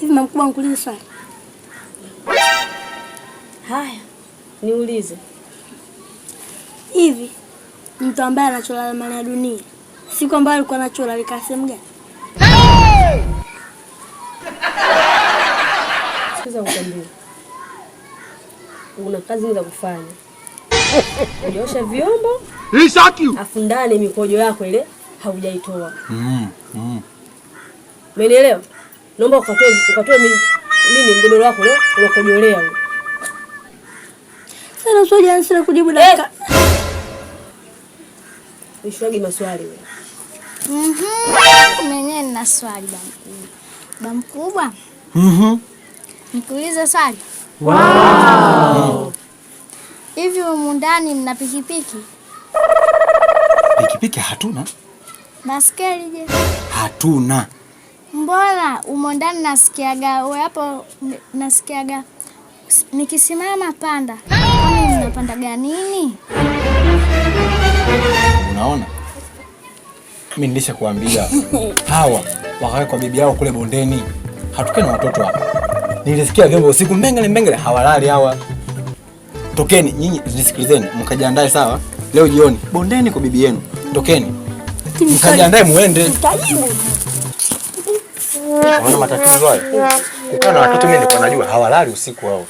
Hivi mkubwa nikuulize swali. Haya, niulize. Hivi mtu ambaye anachola mali ya dunia siku ambayo alikuwa anachola alikaa sehemu gani? Kukwambia una kazi za kufanya, ujaosha vyombo afu ndani mikojo yako ile haujaitoa. Umenielewa? mm, mm naomba ukatoe ukatoe nini mgodoro wako leo unakojolea huko. Sasa usije ansa kujibu eh! dakika. Ushwagi maswali wewe. Mhm. Mwenyewe nina swali bwana. Ba mkubwa. Mhm. Nikuulize swali. Wow. Hivi humu ndani mna pikipiki? Pikipiki hatuna. Baskeli je? Hatuna mbona umo ndani, nasikiaga hapo, nasikiaga nikisimama panda. Kwani nini? Unaona, mimi nilisha kuambia hawa wakae kwa bibi yao kule bondeni, hatuke na watoto hapa. Nilisikia vyombo usiku mbengele mbengele, hawalali hawa. Tokeni nyinyi, nisikilizeni, mkajiandae sawa. Leo jioni bondeni kwa bibi yenu, tokeni mkajiandae muende. Unaona matatizo hayo? Kukaa na watoto mimi nilikuwa najua hawalali usiku wao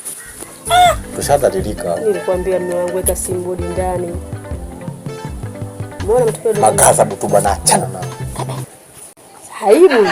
Tushadhalilika. Nilikwambia mume wangu weka simu ndani. Mbona mtupe magaza Makaza bwana, achana nao. Haibu.